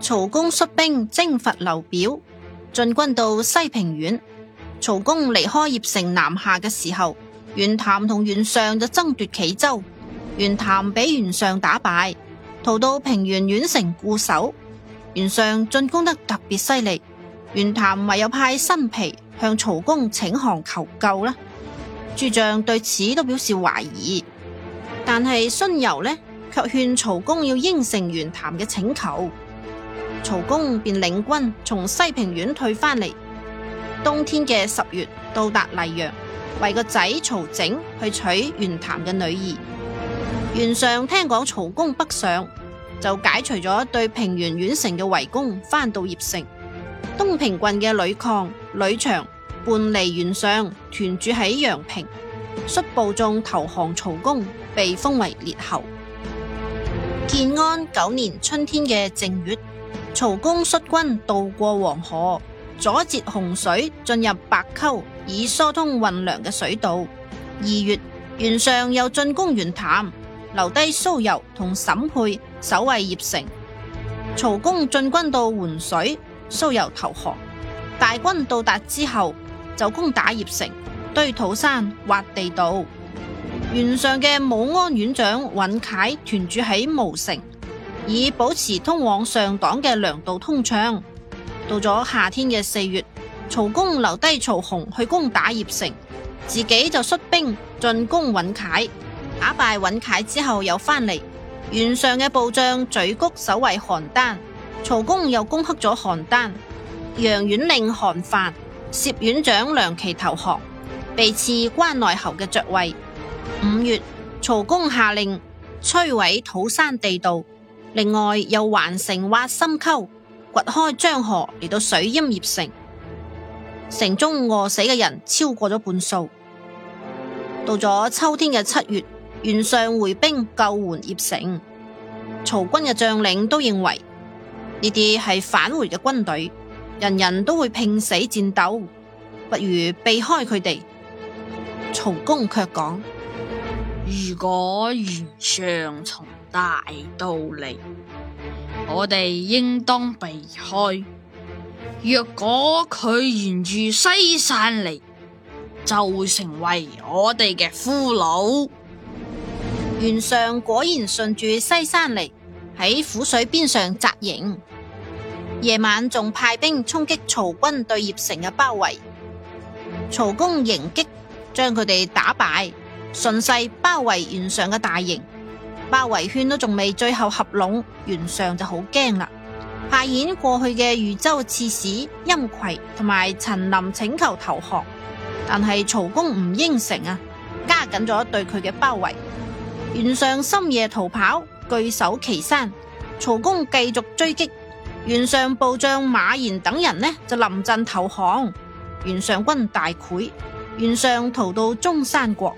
曹公率兵征伐劉表，進軍到西平縣。曹公離開鄴城南下嘅時候，袁譚同袁尚就爭奪冀州。袁譚俾袁尚打敗，逃到平原縣城固守。袁尚進攻得特別犀利，袁譚唯有派辛毗向曹公請降求救啦。諸將對此都表示懷疑，但係荀攸呢，卻勸曹公要應承袁譚嘅請求。曹公便領軍從西平縣退翻嚟，冬天嘅十月到達黎陽，為個仔曹整去娶袁譚嘅女兒。袁尚聽講曹公北上，就解除咗對平原縣城嘅圍攻，翻到鄴城。東平郡嘅呂曠、呂翔叛離袁尚，屯駐喺陽平，率部眾投降曹公，被封為列侯。建安九年春天嘅正月。曹公率軍渡過黃河，阻截洪水進入白溝，以疏通運糧嘅水道。二月，袁尚又進攻袁譚，留低蘇由同審配守衛鄴城。曹公進軍到洹水，蘇由投降。大軍到達之後，就攻打鄴城，堆土山、挖地道。袁尚嘅武安縣長尹楷屯駐喺毛城。以保持通往上黨嘅糧道通暢。到咗夏天嘅四月，曹公留低曹洪去攻打鄴城，自己就率兵進攻尹楷，打敗尹楷之後又翻嚟。袁尚嘅部將沮谷守衛邯鄲，曹公又攻克咗邯鄲。楊遠令韓範、攝院長、梁琦投降，被賜關內侯嘅爵位。五月，曹公下令摧毀土山地道。另外又環城挖深溝，掘開漳河嚟到水淹鄴城，城中餓死嘅人超過咗半數。到咗秋天嘅七月，袁尚回兵救援鄴城，曹軍嘅將領都認為呢啲係返回嘅軍隊，人人都會拼死戰鬥，不如避開佢哋。曹公卻講。如果袁尚從大道嚟，我哋應當避開；若果佢沿住西山嚟，就會成為我哋嘅俘虜。袁尚果然順住西山嚟，喺滏水邊上紮營，夜晚仲派兵衝擊,衝擊曹軍對鄴城嘅包圍，曹公迎擊，將佢哋打敗。順勢包圍袁尚嘅大營，包圍圈都仲未最後合攏，袁尚就好驚啦。派遣過去嘅豫州刺史陰葵同埋陳林請求投降，但係曹公唔應承啊，加緊咗對佢嘅包圍。袁尚深夜逃跑，據守岐山。曹公繼續追擊，袁尚部將馬延等人呢就臨陣投降，袁尚軍大潰，袁尚逃到中山國。